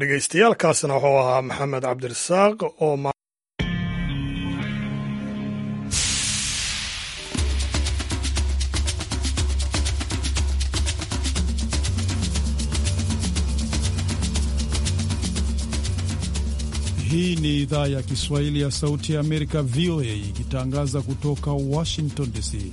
dhegeystayaal wuxuu ahaa maxamed cabdirasaaq oo Hii ni idhaa ya Kiswahili ya Sauti ya Amerika, VOA, ikitangaza kutoka Washington DC.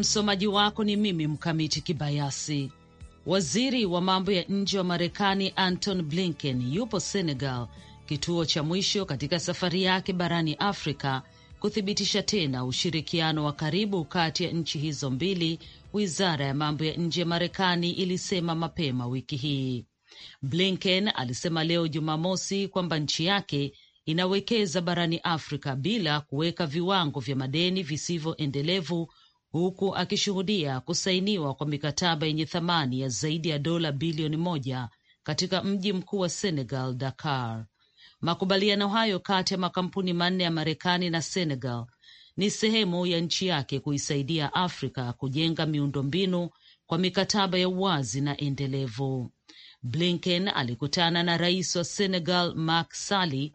Msomaji wako ni mimi Mkamiti Kibayasi. Waziri wa mambo ya nje wa Marekani Anton Blinken yupo Senegal, kituo cha mwisho katika safari yake barani Afrika kuthibitisha tena ushirikiano wa karibu kati ya nchi hizo mbili, wizara ya mambo ya nje ya Marekani ilisema mapema wiki hii. Blinken alisema leo Jumamosi kwamba nchi yake inawekeza barani Afrika bila kuweka viwango vya madeni visivyoendelevu huku akishuhudia kusainiwa kwa mikataba yenye thamani ya zaidi ya dola bilioni moja katika mji mkuu wa Senegal, Dakar. Makubaliano hayo kati ya makampuni manne ya Marekani na Senegal ni sehemu ya nchi yake kuisaidia Afrika kujenga miundombinu kwa mikataba ya uwazi na endelevu. Blinken alikutana na rais wa Senegal Macky Sall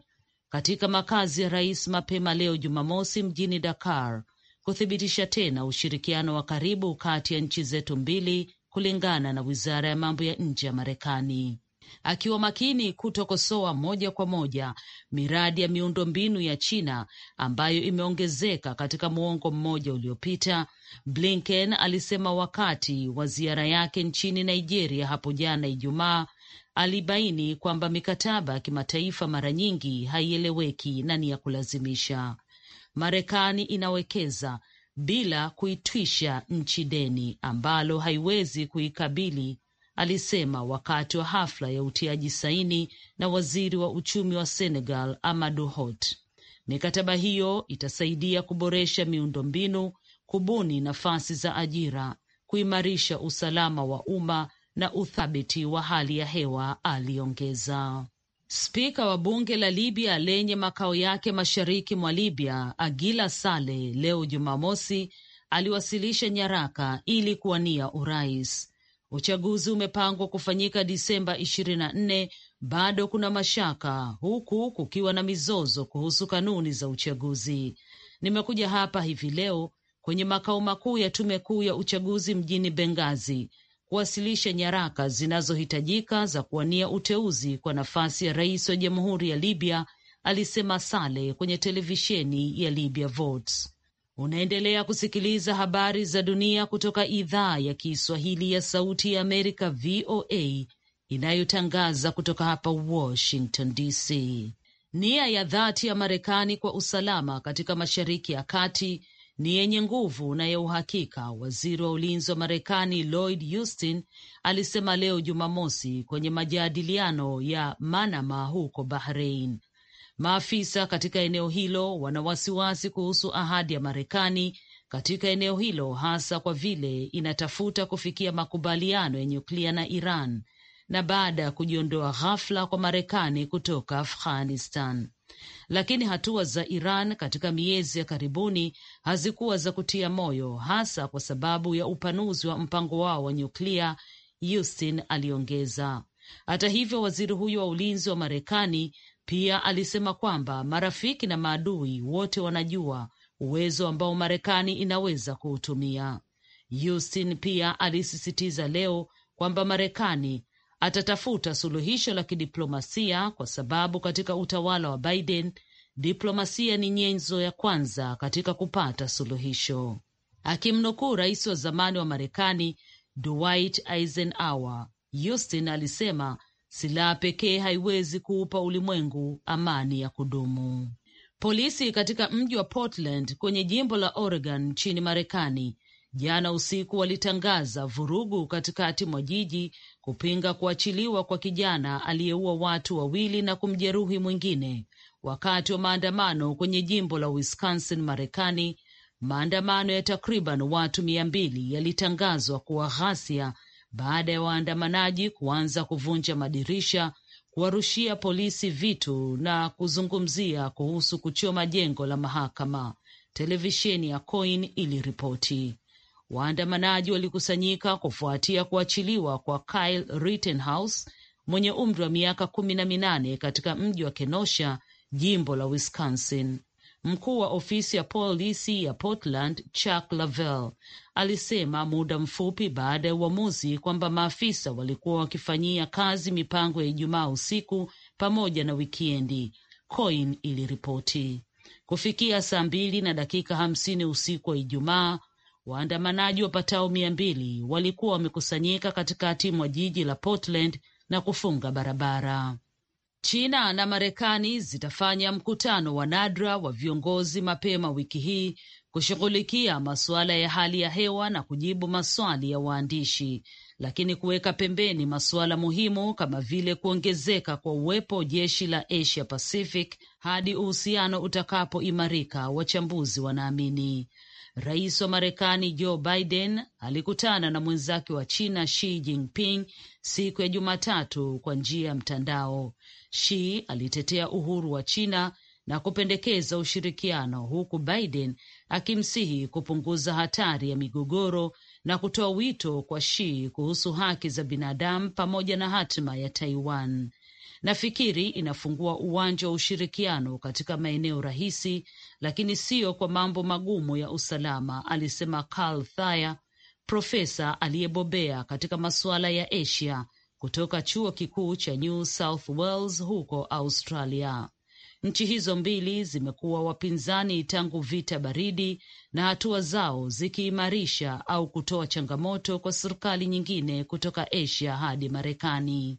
katika makazi ya rais mapema leo Jumamosi mjini Dakar kuthibitisha tena ushirikiano wa karibu kati ya nchi zetu mbili, kulingana na wizara ya mambo ya nje ya Marekani. Akiwa makini kutokosoa moja kwa moja miradi ya miundombinu ya China ambayo imeongezeka katika muongo mmoja uliopita, Blinken alisema wakati wa ziara yake nchini Nigeria hapo jana Ijumaa alibaini kwamba mikataba ya kimataifa mara nyingi haieleweki na ni ya kulazimisha. Marekani inawekeza bila kuitwisha nchi deni ambalo haiwezi kuikabili, alisema wakati wa hafla ya utiaji saini na waziri wa uchumi wa Senegal Amadou Hot. Mikataba hiyo itasaidia kuboresha miundombinu, kubuni nafasi za ajira, kuimarisha usalama wa umma na uthabiti wa hali ya hewa, aliongeza. Spika wa bunge la Libya lenye makao yake mashariki mwa Libya, Agila sale leo Jumamosi, aliwasilisha nyaraka ili kuwania urais. Uchaguzi umepangwa kufanyika Disemba 24. Bado kuna mashaka, huku kukiwa na mizozo kuhusu kanuni za uchaguzi. Nimekuja hapa hivi leo kwenye makao makuu ya tume kuu ya uchaguzi mjini Bengazi kuwasilisha nyaraka zinazohitajika za kuwania uteuzi kwa nafasi ya rais wa jamhuri ya Libya, alisema Sale kwenye televisheni ya Libya Votes. Unaendelea kusikiliza habari za dunia kutoka idhaa ya Kiswahili ya Sauti ya Amerika, VOA, inayotangaza kutoka hapa Washington DC. Nia ya dhati ya Marekani kwa usalama katika Mashariki ya Kati ni yenye nguvu na ya uhakika, waziri wa ulinzi wa Marekani Lloyd Austin alisema leo Jumamosi kwenye majadiliano ya Manama huko bahrein Maafisa katika eneo hilo wana wasiwasi kuhusu ahadi ya Marekani katika eneo hilo, hasa kwa vile inatafuta kufikia makubaliano ya nyuklia na Iran na baada ya kujiondoa ghafla kwa Marekani kutoka Afghanistan lakini hatua za Iran katika miezi ya karibuni hazikuwa za kutia moyo, hasa kwa sababu ya upanuzi wa mpango wao wa nyuklia, Yustin aliongeza. Hata hivyo, waziri huyo wa ulinzi wa Marekani pia alisema kwamba marafiki na maadui wote wanajua uwezo ambao Marekani inaweza kuutumia. Yustin pia alisisitiza leo kwamba Marekani atatafuta suluhisho la kidiplomasia kwa sababu katika utawala wa Biden diplomasia ni nyenzo ya kwanza katika kupata suluhisho. Akimnukuu rais wa zamani wa Marekani Dwight Eisenhower, Houston alisema silaha pekee haiwezi kuupa ulimwengu amani ya kudumu. Polisi katika mji wa Portland kwenye jimbo la Oregon nchini Marekani jana usiku walitangaza vurugu katikati mwa jiji kupinga kuachiliwa kwa kijana aliyeua watu wawili na kumjeruhi mwingine wakati wa maandamano kwenye jimbo la Wisconsin, Marekani. Maandamano ya takriban watu mia mbili yalitangazwa kuwa ghasia baada ya waandamanaji kuanza kuvunja madirisha, kuwarushia polisi vitu na kuzungumzia kuhusu kuchoma jengo la mahakama, televisheni ya Coin iliripoti. Waandamanaji walikusanyika kufuatia kuachiliwa kwa Kyle Rittenhouse mwenye umri wa miaka kumi na minane katika mji wa Kenosha, jimbo la Wisconsin. Mkuu wa ofisi ya polisi ya Portland Chuck Lavelle alisema muda mfupi baada ya uamuzi kwamba maafisa walikuwa wakifanyia kazi mipango ya Ijumaa usiku pamoja na wikendi, Coin iliripoti. Kufikia saa mbili na dakika hamsini usiku wa Ijumaa, Waandamanaji wapatao mia mbili walikuwa wamekusanyika katikati mwa jiji la Portland na kufunga barabara. China na Marekani zitafanya mkutano wa nadra wa viongozi mapema wiki hii kushughulikia masuala ya hali ya hewa na kujibu maswali ya waandishi, lakini kuweka pembeni masuala muhimu kama vile kuongezeka kwa uwepo jeshi la Asia Pacific hadi uhusiano utakapoimarika, wachambuzi wanaamini. Rais wa Marekani Joe Biden alikutana na mwenzake wa China Xi Jinping siku ya Jumatatu kwa njia ya mtandao. Xi alitetea uhuru wa China na kupendekeza ushirikiano, huku Biden akimsihi kupunguza hatari ya migogoro na kutoa wito kwa Xi kuhusu haki za binadamu pamoja na hatima ya Taiwan. Nafikiri inafungua uwanja wa ushirikiano katika maeneo rahisi, lakini siyo kwa mambo magumu ya usalama, alisema Carl Thayer, profesa aliyebobea katika masuala ya Asia kutoka chuo kikuu cha New South Wales huko Australia. Nchi hizo mbili zimekuwa wapinzani tangu vita baridi na hatua zao zikiimarisha au kutoa changamoto kwa serikali nyingine kutoka Asia hadi Marekani.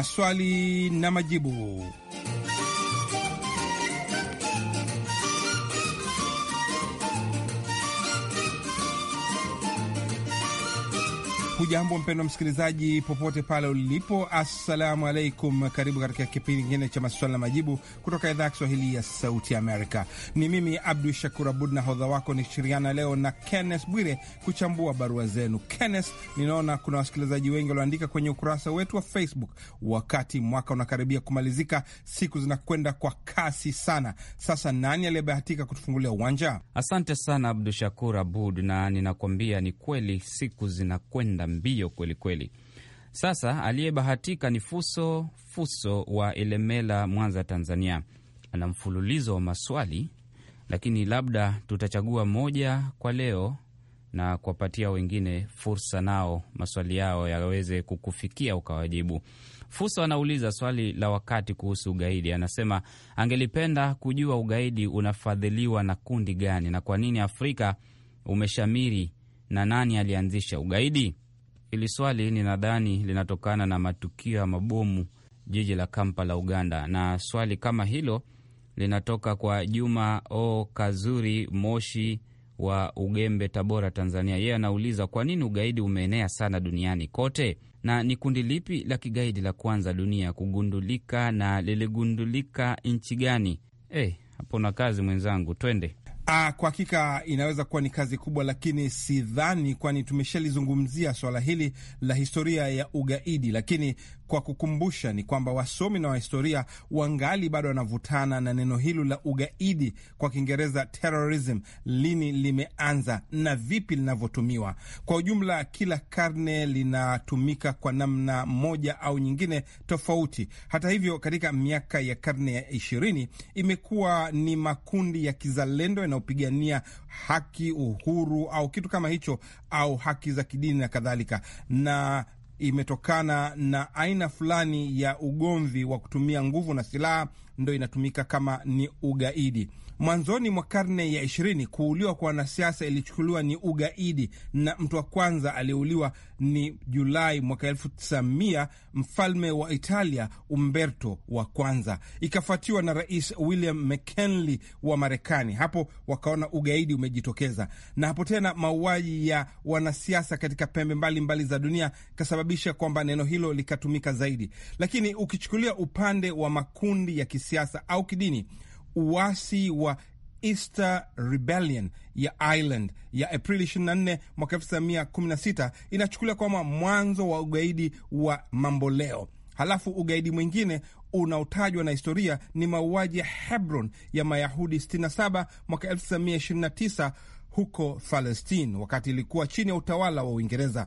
maswali na majibu. Hujambo mpendo msikilizaji, popote pale ulipo, assalamu alaikum. Karibu katika kipindi kingine cha maswala na majibu kutoka idhaa ya Kiswahili ya Sauti Amerika. Ni mimi Abdu Shakur Abud na hodha wako shiriana leo na Kenneth Bwire kuchambua barua zenu. Kenneth, ninaona kuna wasikilizaji wengi walioandika kwenye ukurasa wetu wa Facebook. Wakati mwaka unakaribia kumalizika, siku zinakwenda kwa kasi sana. Sasa nani aliyebahatika kutufungulia uwanja? Asante sana Abdu Shakur Abud, na ninakwambia ni kweli siku zinakwenda mbio kweli kweli. Sasa aliyebahatika ni Fuso Fuso wa Elemela, Mwanza, Tanzania. Ana mfululizo wa maswali, lakini labda tutachagua moja kwa leo na kuwapatia wengine fursa nao maswali yao yaweze kukufikia ukawajibu. Fuso anauliza swali la wakati kuhusu ugaidi. Anasema angelipenda kujua ugaidi unafadhiliwa na kundi gani na kwa nini Afrika umeshamiri na nani alianzisha ugaidi? Hili swali ninadhani linatokana na matukio ya mabomu jiji la Kampala, Uganda, na swali kama hilo linatoka kwa Juma O Kazuri Moshi wa Ugembe, Tabora, Tanzania. Yeye anauliza kwa nini ugaidi umeenea sana duniani kote, na ni kundi lipi la kigaidi la kwanza dunia kugundulika na liligundulika nchi gani? Hey, eh, na kazi mwenzangu, twende Ah, kwa hakika inaweza kuwa ni kazi kubwa, lakini sidhani, kwani tumeshalizungumzia swala hili la historia ya ugaidi, lakini kwa kukumbusha ni kwamba wasomi na wahistoria wangali bado wanavutana na neno hilo la ugaidi, kwa Kiingereza terrorism, lini limeanza na vipi linavyotumiwa. Kwa ujumla, kila karne linatumika kwa namna moja au nyingine tofauti. Hata hivyo, katika miaka ya karne ya ishirini imekuwa ni makundi ya kizalendo yanayopigania haki, uhuru au kitu kama hicho, au haki za kidini na kadhalika na imetokana na aina fulani ya ugomvi wa kutumia nguvu na silaha, ndo inatumika kama ni ugaidi. Mwanzoni mwa karne ya ishirini, kuuliwa kwa wanasiasa ilichukuliwa ni ugaidi, na mtu wa kwanza aliyeuliwa ni Julai mwaka elfu tisa mia mfalme wa Italia Umberto wa kwanza, ikafuatiwa na Rais William McKinley wa Marekani. Hapo wakaona ugaidi umejitokeza, na hapo tena mauaji ya wanasiasa katika pembe mbalimbali mbali za dunia ikasababisha kwamba neno hilo likatumika zaidi. Lakini ukichukulia upande wa makundi ya kisiasa au kidini uasi wa Easter Rebellion ya Ireland ya Aprili 24 mwaka 1916 inachukuliwa kwamba mwanzo wa ugaidi wa mamboleo. Halafu ugaidi mwingine unaotajwa na historia ni mauaji ya Hebron ya Mayahudi 67 mwaka 1929 huko Palestine, wakati ilikuwa chini ya utawala wa Uingereza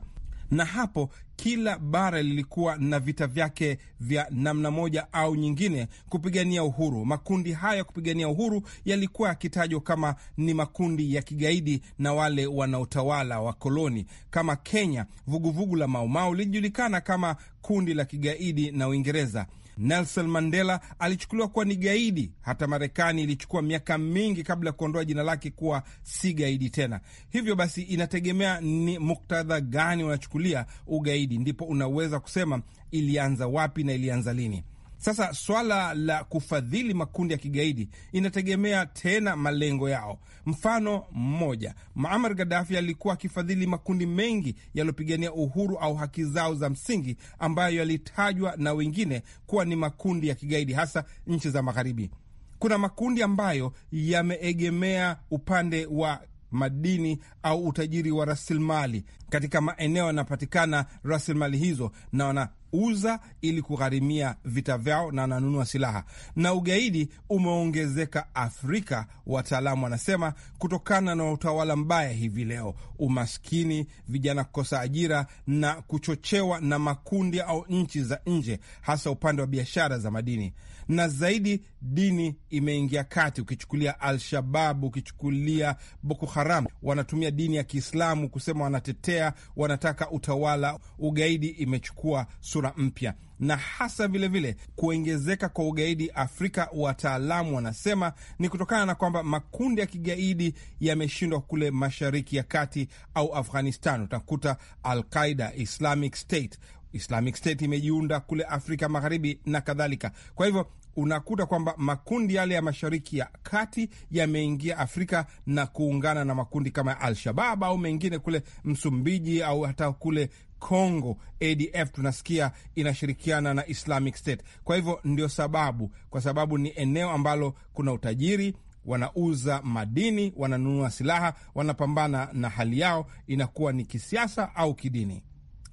na hapo kila bara lilikuwa na vita vyake vya namna moja au nyingine kupigania uhuru. Makundi haya ya kupigania uhuru yalikuwa yakitajwa kama ni makundi ya kigaidi na wale wanaotawala wakoloni. Kama Kenya, vuguvugu vugu la Maumau lilijulikana kama kundi la kigaidi na Uingereza. Nelson Mandela alichukuliwa kuwa ni gaidi. Hata Marekani ilichukua miaka mingi kabla ya kuondoa jina lake kuwa si gaidi tena. Hivyo basi, inategemea ni muktadha gani unachukulia ugaidi, ndipo unaweza kusema ilianza wapi na ilianza lini. Sasa swala la kufadhili makundi ya kigaidi inategemea tena malengo yao. Mfano mmoja, Muammar Gaddafi alikuwa akifadhili makundi mengi yaliyopigania uhuru au haki zao za msingi, ambayo yalitajwa na wengine kuwa ni makundi ya kigaidi, hasa nchi za Magharibi. Kuna makundi ambayo yameegemea upande wa madini au utajiri wa rasilimali katika maeneo yanapatikana rasilimali hizo, na wana wanauza ili kugharimia vita vyao na wananunua silaha. Na ugaidi umeongezeka Afrika, wataalamu wanasema, kutokana na utawala mbaya hivi leo, umaskini, vijana kukosa ajira na kuchochewa na makundi au nchi za nje, hasa upande wa biashara za madini na zaidi dini imeingia kati. Ukichukulia Al-Shabab, ukichukulia Boko Haram, wanatumia dini ya Kiislamu kusema wanatetea, wanataka utawala. Ugaidi imechukua sura mpya, na hasa vilevile kuongezeka kwa ugaidi Afrika, wataalamu wanasema ni kutokana na kwamba makundi ya kigaidi yameshindwa kule Mashariki ya Kati au Afghanistan. Utakuta Al-Qaida, Islamic State Islamic State imejiunda kule Afrika Magharibi na kadhalika. Kwa hivyo unakuta kwamba makundi yale ya mashariki ya kati yameingia Afrika na kuungana na makundi kama ya Al-Shabab au mengine kule Msumbiji au hata kule Congo ADF tunasikia inashirikiana na Islamic State. Kwa hivyo ndio sababu, kwa sababu ni eneo ambalo kuna utajiri, wanauza madini, wananunua silaha, wanapambana na hali yao inakuwa ni kisiasa au kidini.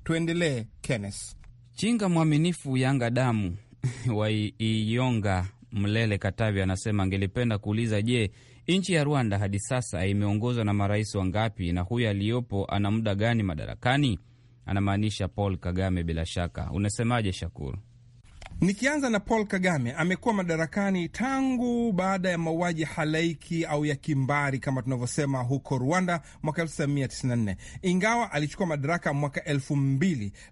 Tuendelee, Kenneth. Chinga mwaminifu Yanga damu waiyonga Mlele Katavi anasema angelipenda kuuliza, je, nchi ya Rwanda hadi sasa imeongozwa na marais wangapi na huyo aliyopo ana muda gani madarakani? Anamaanisha Paul Kagame bila shaka. Unasemaje Shakuru? Nikianza na Paul Kagame, amekuwa madarakani tangu baada ya mauaji halaiki au ya kimbari kama tunavyosema huko Rwanda mwaka 1994 ingawa alichukua madaraka mwaka elfu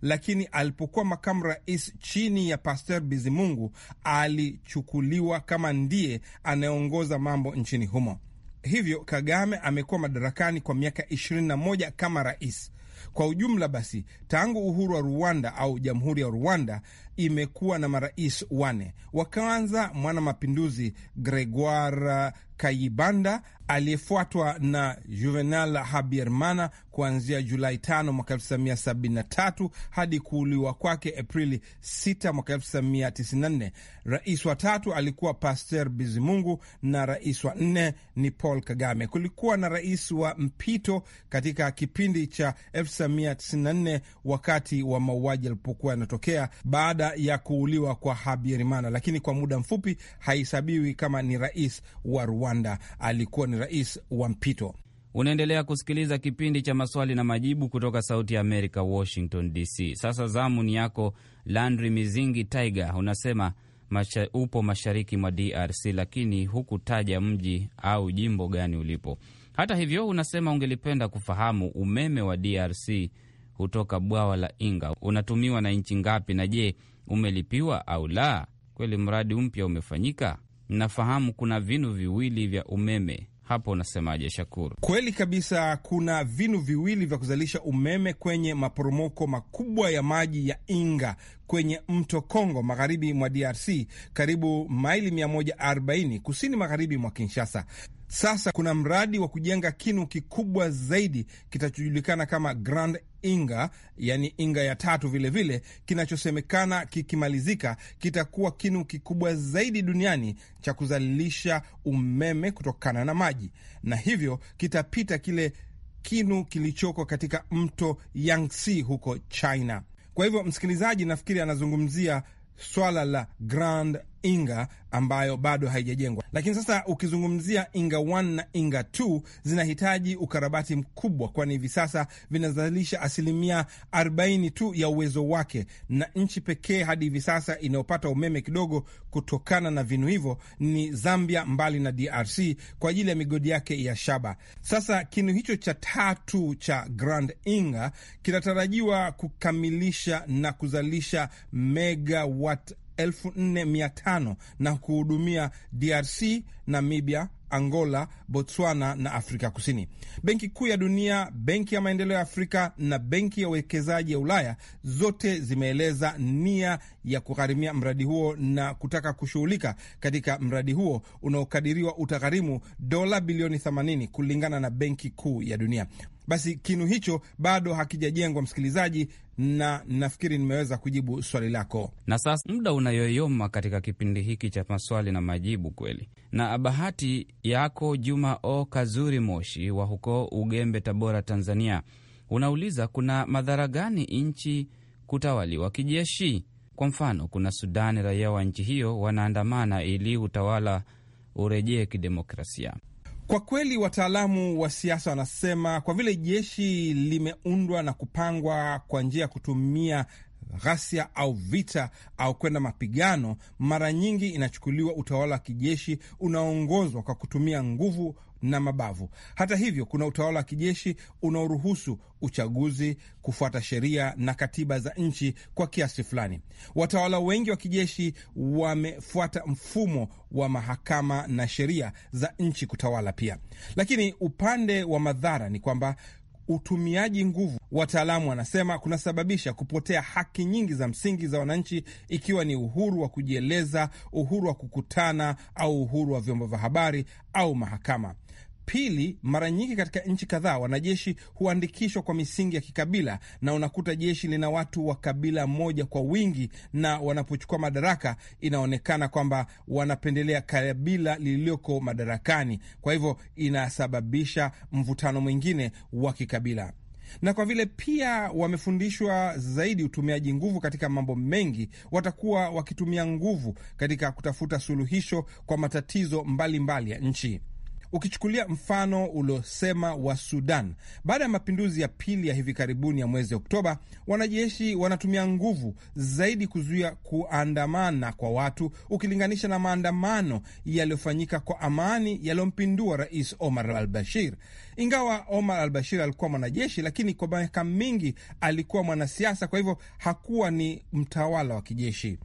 lakini alipokuwa makamu rais chini ya Pasteur Bizimungu alichukuliwa kama ndiye anayeongoza mambo nchini humo. Hivyo Kagame amekuwa madarakani kwa miaka 21 kama rais. Kwa ujumla basi, tangu uhuru wa Rwanda au jamhuri ya Rwanda imekuwa na marais wane. Wa kwanza mwana mapinduzi Gregoire Kayibanda, aliyefuatwa na Juvenal Habyarimana kuanzia Julai 5 mwaka 1973 hadi kuuliwa kwake Aprili 6 mwaka 1994. Rais wa tatu alikuwa Pasteur Bizimungu na rais wa nne ni Paul Kagame. Kulikuwa na rais wa mpito katika kipindi cha 1994 wakati wa mauaji yalipokuwa yanatokea baada ya kuuliwa kwa Habyarimana, lakini kwa muda mfupi haisabiwi kama ni rais wa Rwanda, alikuwa ni rais wa mpito. Unaendelea kusikiliza kipindi cha maswali na majibu kutoka Sauti ya Amerika, Washington DC. Sasa zamu ni yako Landry Mizingi Tiger, unasema masha, upo mashariki mwa DRC lakini hukutaja mji au jimbo gani ulipo. Hata hivyo, unasema ungelipenda kufahamu umeme wa DRC hutoka bwawa la Inga unatumiwa na nchi ngapi, na je, umelipiwa au la? Kweli mradi mpya umefanyika? Nafahamu kuna vinu viwili vya umeme hapo unasemaje, Shakuru? Kweli kabisa, kuna vinu viwili vya kuzalisha umeme kwenye maporomoko makubwa ya maji ya Inga kwenye mto Kongo, magharibi mwa DRC, karibu maili 140 kusini magharibi mwa Kinshasa. Sasa kuna mradi wa kujenga kinu kikubwa zaidi kitachojulikana kama Grand Inga, yani Inga ya tatu vilevile, kinachosemekana kikimalizika kitakuwa kinu kikubwa zaidi duniani cha kuzalisha umeme kutokana na maji, na hivyo kitapita kile kinu kilichoko katika mto Yangtze huko China. Kwa hivyo, msikilizaji, nafikiri anazungumzia swala la Grand Inga ambayo bado haijajengwa. Lakini sasa ukizungumzia Inga 1 na Inga 2 zinahitaji ukarabati mkubwa, kwani hivi sasa vinazalisha asilimia 40 tu ya uwezo wake, na nchi pekee hadi hivi sasa inayopata umeme kidogo kutokana na vinu hivyo ni Zambia, mbali na DRC kwa ajili ya migodi yake ya shaba. Sasa kinu hicho cha tatu cha Grand Inga kinatarajiwa kukamilisha na kuzalisha megawatt 4500 na kuhudumia DRC, Namibia, Angola, Botswana na Afrika Kusini. Benki Kuu ya Dunia, Benki ya Maendeleo ya Afrika na Benki ya Uwekezaji ya Ulaya zote zimeeleza nia ya kugharimia mradi huo na kutaka kushughulika katika mradi huo unaokadiriwa utagharimu dola bilioni 80 kulingana na Benki Kuu ya Dunia. Basi kinu hicho bado hakijajengwa, msikilizaji, na nafikiri nimeweza kujibu swali lako. Na sasa muda unayoyoma katika kipindi hiki cha maswali na majibu kweli, na bahati yako Juma O Kazuri Moshi wa huko Ugembe, Tabora, Tanzania, unauliza kuna madhara gani nchi kutawaliwa kijeshi? Kwa mfano, kuna Sudani, raia wa nchi hiyo wanaandamana ili utawala urejee kidemokrasia. Kwa kweli wataalamu wa siasa wanasema kwa vile jeshi limeundwa na kupangwa kwa njia ya kutumia ghasia au vita au kwenda mapigano, mara nyingi inachukuliwa utawala wa kijeshi unaoongozwa kwa kutumia nguvu na mabavu. Hata hivyo, kuna utawala wa kijeshi unaoruhusu uchaguzi, kufuata sheria na katiba za nchi kwa kiasi fulani. Watawala wengi wa kijeshi wamefuata mfumo wa mahakama na sheria za nchi kutawala pia, lakini upande wa madhara ni kwamba utumiaji nguvu, wataalamu wanasema kunasababisha kupotea haki nyingi za msingi za wananchi, ikiwa ni uhuru wa kujieleza, uhuru wa kukutana, au uhuru wa vyombo vya habari au mahakama. Pili, mara nyingi katika nchi kadhaa wanajeshi huandikishwa kwa misingi ya kikabila, na unakuta jeshi lina watu wa kabila moja kwa wingi, na wanapochukua madaraka inaonekana kwamba wanapendelea kabila lililoko madarakani. Kwa hivyo inasababisha mvutano mwingine wa kikabila na kwa vile pia wamefundishwa zaidi utumiaji nguvu katika mambo mengi, watakuwa wakitumia nguvu katika kutafuta suluhisho kwa matatizo mbalimbali mbali ya nchi ukichukulia mfano uliosema wa Sudan, baada ya mapinduzi ya pili ya hivi karibuni ya mwezi Oktoba, wanajeshi wanatumia nguvu zaidi kuzuia kuandamana kwa watu ukilinganisha na maandamano yaliyofanyika kwa amani yaliyompindua Rais Omar al Bashir. Ingawa Omar al Bashir alikuwa mwanajeshi, lakini kwa miaka mingi alikuwa mwanasiasa, kwa hivyo hakuwa ni mtawala wa kijeshi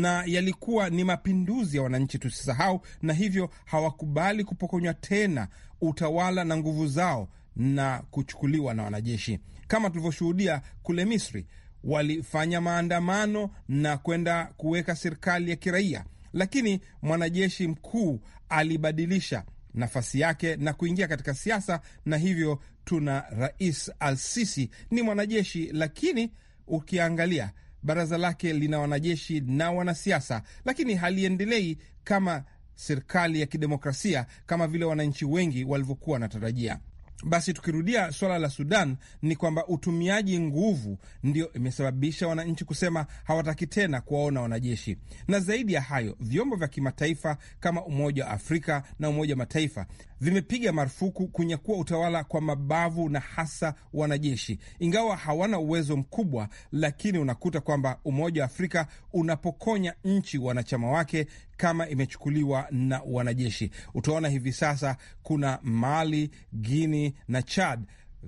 na yalikuwa ni mapinduzi ya wananchi, tusisahau, na hivyo hawakubali kupokonywa tena utawala na nguvu zao na kuchukuliwa na wanajeshi, kama tulivyoshuhudia kule Misri. Walifanya maandamano na kwenda kuweka serikali ya kiraia, lakini mwanajeshi mkuu alibadilisha nafasi yake na kuingia katika siasa, na hivyo tuna Rais Al-Sisi ni mwanajeshi, lakini ukiangalia baraza lake lina wanajeshi na wanasiasa, lakini haliendelei kama serikali ya kidemokrasia kama vile wananchi wengi walivyokuwa wanatarajia. Basi tukirudia suala la Sudan ni kwamba utumiaji nguvu ndio imesababisha wananchi kusema hawataki tena kuwaona wanajeshi. Na zaidi ya hayo, vyombo vya kimataifa kama Umoja wa Afrika na Umoja wa Mataifa vimepiga marufuku kunyakua utawala kwa mabavu na hasa wanajeshi. Ingawa hawana uwezo mkubwa, lakini unakuta kwamba Umoja wa Afrika unapokonya nchi wanachama wake kama imechukuliwa na wanajeshi. Utaona hivi sasa kuna Mali, guini na Chad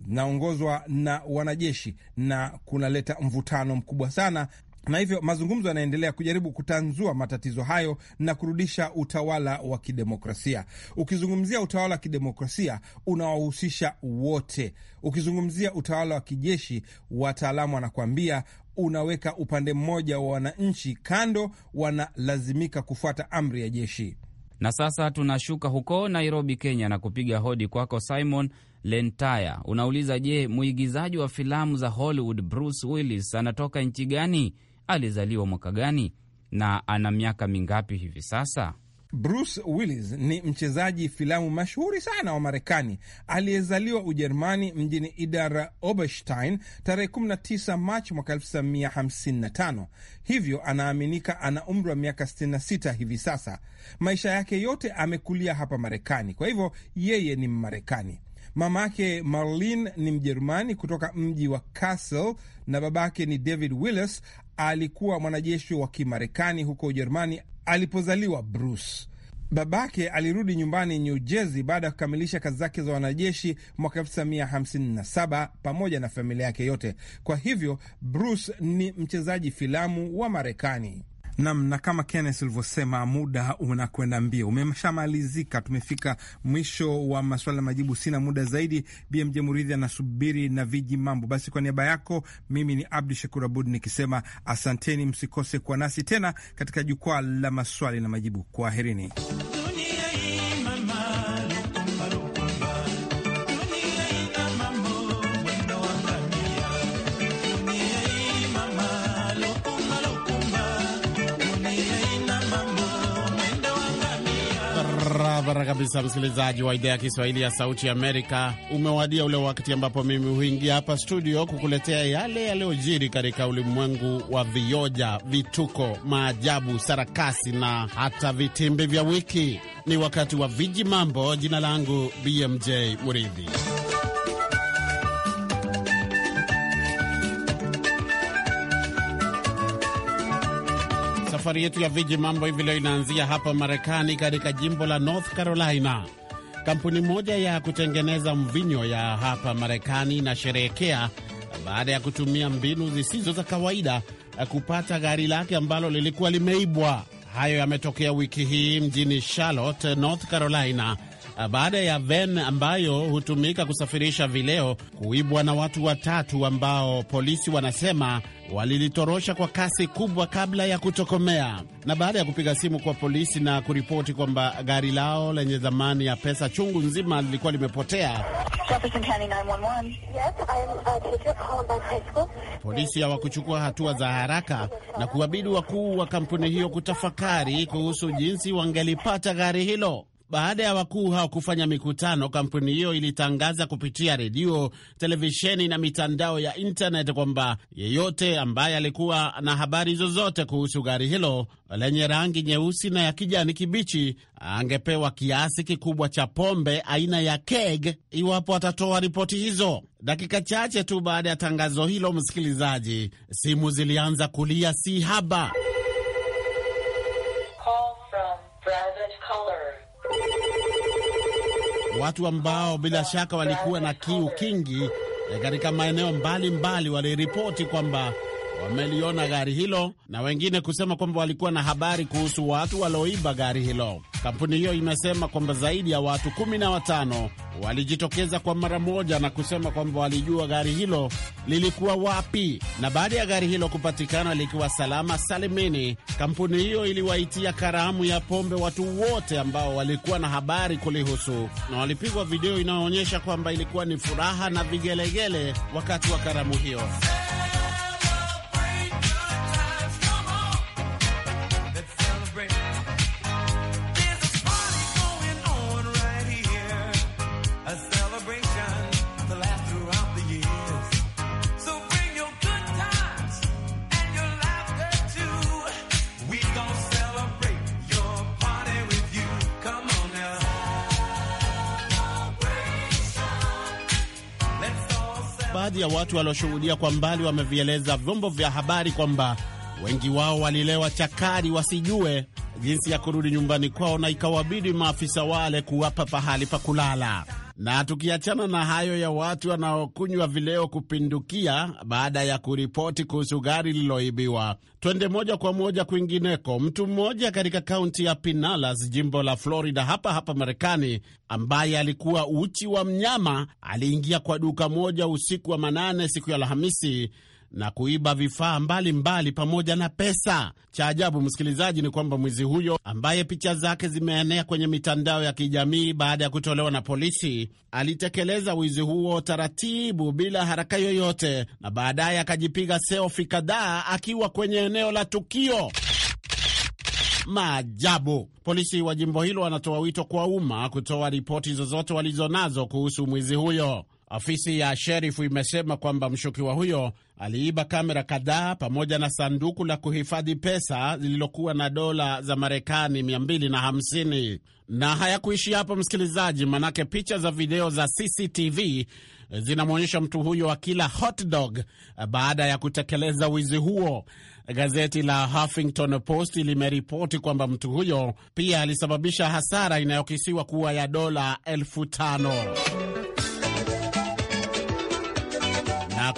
naongozwa na wanajeshi na kunaleta mvutano mkubwa sana na hivyo mazungumzo yanaendelea kujaribu kutanzua matatizo hayo na kurudisha utawala wa kidemokrasia. Ukizungumzia utawala wa kidemokrasia unawahusisha wote. Ukizungumzia utawala wa kijeshi, wataalamu wanakuambia unaweka upande mmoja wa wananchi kando, wanalazimika kufuata amri ya jeshi. Na sasa tunashuka huko Nairobi, Kenya, na kupiga hodi kwako Simon Lentaya. Unauliza, je, mwigizaji wa filamu za Hollywood Bruce Willis anatoka nchi gani? alizaliwa mwaka gani na ana miaka mingapi hivi sasa? Bruce Willis ni mchezaji filamu mashuhuri sana wa Marekani aliyezaliwa Ujerumani mjini Idar Oberstein tarehe 19 Machi mwaka 1955. Hivyo anaaminika ana umri wa miaka 66 hivi sasa. Maisha yake yote amekulia hapa Marekani, kwa hivyo yeye ni Mmarekani. Mama yake Marlin ni Mjerumani kutoka mji wa Kassel na babake ni David Willis alikuwa mwanajeshi wa Kimarekani huko Ujerumani alipozaliwa Bruce. Babake alirudi nyumbani New Jersey baada ya kukamilisha kazi zake za wanajeshi mwaka 1957 pamoja na familia yake yote. Kwa hivyo Bruce ni mchezaji filamu wa Marekani. Nam, na kama Kenneth ulivyosema, muda unakwenda mbio, umeshamalizika. Tumefika mwisho wa maswali na majibu, sina muda zaidi. BMJ Muridhi anasubiri na viji mambo. Basi kwa niaba yako, mimi ni Abdu Shakur Abud nikisema asanteni, msikose kuwa nasi tena katika jukwaa la maswali na majibu. Kwaherini. Barabara kabisa, msikilizaji wa idhaa ya Kiswahili ya Sauti Amerika. Umewadia ule wakati ambapo mimi huingia hapa studio kukuletea yale yaliyojiri katika ulimwengu wa vioja, vituko, maajabu, sarakasi na hata vitimbi vya wiki. Ni wakati wa viji mambo. Jina langu BMJ Muridhi. Safari yetu ya viji mambo hivi leo inaanzia hapa Marekani, katika jimbo la North Carolina. Kampuni moja ya kutengeneza mvinyo ya hapa Marekani inasherehekea baada ya kutumia mbinu zisizo za kawaida kupata gari lake ambalo lilikuwa limeibwa. Hayo yametokea wiki hii mjini Charlotte, North Carolina, baada ya ven ambayo hutumika kusafirisha vileo kuibwa na watu watatu ambao polisi wanasema walilitorosha kwa kasi kubwa kabla ya kutokomea, na baada ya kupiga simu kwa polisi na kuripoti kwamba gari lao lenye dhamani ya pesa chungu nzima lilikuwa limepotea, polisi hawakuchukua hatua za haraka na kuwabidi wakuu wa kampuni hiyo kutafakari kuhusu jinsi wangelipata gari hilo. Baada ya wakuu hao kufanya mikutano, kampuni hiyo ilitangaza kupitia redio, televisheni na mitandao ya intaneti kwamba yeyote ambaye alikuwa na habari zozote kuhusu gari hilo lenye rangi nyeusi na ya kijani kibichi angepewa kiasi kikubwa cha pombe aina ya keg iwapo atatoa ripoti hizo. Dakika chache tu baada ya tangazo hilo, msikilizaji, simu zilianza kulia si haba. watu ambao bila shaka walikuwa na kiu kingi eh, katika maeneo mbalimbali waliripoti kwamba wameliona gari hilo na wengine kusema kwamba walikuwa na habari kuhusu watu walioiba gari hilo. Kampuni hiyo imesema kwamba zaidi ya watu kumi na watano walijitokeza kwa mara moja na kusema kwamba walijua gari hilo lilikuwa wapi, na baada ya gari hilo kupatikana likiwa salama salimini, kampuni hiyo iliwaitia karamu ya pombe watu wote ambao walikuwa na habari kulihusu, na walipigwa video inayoonyesha kwamba ilikuwa ni furaha na vigelegele wakati wa karamu hiyo. watu walioshuhudia kwa mbali wamevieleza vyombo vya habari kwamba wengi wao walilewa chakari wasijue jinsi ya kurudi nyumbani kwao na ikawabidi maafisa wale kuwapa pahali pa kulala. Na tukiachana na hayo ya watu wanaokunywa vileo kupindukia baada ya kuripoti kuhusu gari lililoibiwa, twende moja kwa moja kwingineko. Mtu mmoja katika kaunti ya Pinellas, jimbo la Florida, hapa hapa Marekani, ambaye alikuwa uchi wa mnyama aliingia kwa duka moja usiku wa manane siku ya Alhamisi na kuiba vifaa mbalimbali pamoja na pesa. Cha ajabu, msikilizaji, ni kwamba mwizi huyo ambaye picha zake zimeenea kwenye mitandao ya kijamii baada ya kutolewa na polisi alitekeleza wizi huo taratibu, bila haraka yoyote, na baadaye akajipiga selfie kadhaa akiwa kwenye eneo la tukio. Maajabu! Polisi wa jimbo hilo wanatoa wito kwa umma kutoa ripoti zozote walizonazo kuhusu mwizi huyo. Ofisi ya sherifu imesema kwamba mshukiwa huyo aliiba kamera kadhaa pamoja na sanduku la kuhifadhi pesa lililokuwa na dola za Marekani 250. Na hayakuishi hapo, msikilizaji, manake picha za video za CCTV zinamwonyesha mtu huyo akila hot dog baada ya kutekeleza wizi huo. Gazeti la Huffington Post limeripoti kwamba mtu huyo pia alisababisha hasara inayokisiwa kuwa ya dola elfu tano.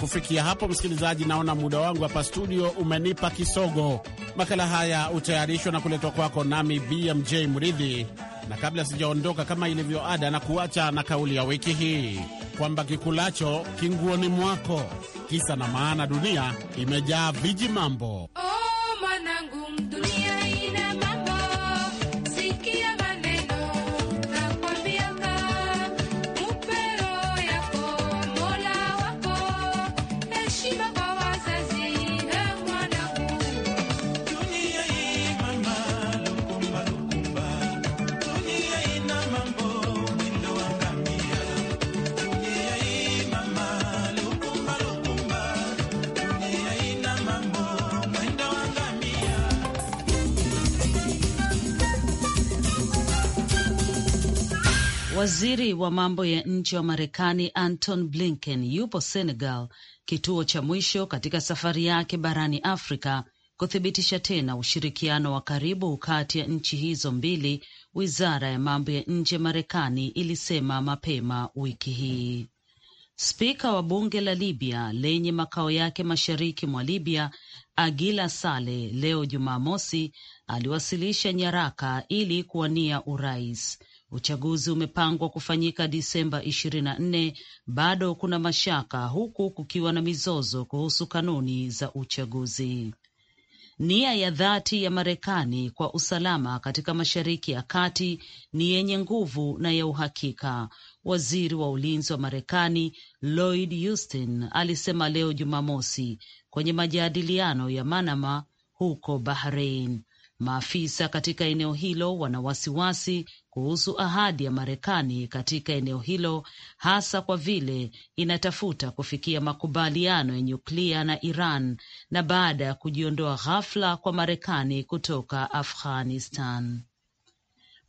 Kufikia hapo, msikilizaji, naona muda wangu hapa studio umenipa kisogo. Makala haya hutayarishwa na kuletwa kwako nami BMJ Mridhi, na kabla sijaondoka, kama ilivyo ada, na kuacha na kauli ya wiki hii kwamba kikulacho kinguoni mwako, kisa na maana, dunia imejaa viji mambo. Oh, manangu, dunia. Waziri wa mambo ya nje wa Marekani Anton Blinken yupo Senegal, kituo cha mwisho katika safari yake barani Afrika kuthibitisha tena ushirikiano wa karibu kati ya nchi hizo mbili, wizara ya mambo ya nje Marekani ilisema mapema wiki hii. Spika wa bunge la Libya lenye makao yake mashariki mwa Libya, Agila Sale, leo Jumamosi aliwasilisha nyaraka ili kuwania urais. Uchaguzi umepangwa kufanyika Disemba 24, Bado kuna mashaka huku kukiwa na mizozo kuhusu kanuni za uchaguzi. Nia ya dhati ya Marekani kwa usalama katika Mashariki ya Kati ni yenye nguvu na ya uhakika, waziri wa ulinzi wa Marekani Lloyd Austin alisema leo Jumamosi kwenye majadiliano ya Manama huko Bahrain. Maafisa katika eneo hilo wana wasiwasi kuhusu ahadi ya Marekani katika eneo hilo, hasa kwa vile inatafuta kufikia makubaliano ya nyuklia na Iran na baada ya kujiondoa ghafla kwa Marekani kutoka Afghanistan.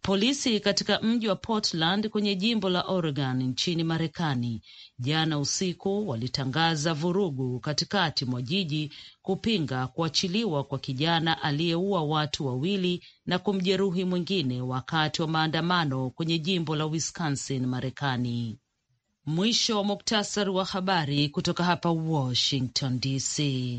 Polisi katika mji wa Portland kwenye jimbo la Oregon nchini Marekani jana usiku walitangaza vurugu katikati mwa jiji kupinga kuachiliwa kwa kijana aliyeua watu wawili na kumjeruhi mwingine wakati wa maandamano kwenye jimbo la Wisconsin, Marekani. Mwisho wa muktasari wa habari kutoka hapa Washington DC.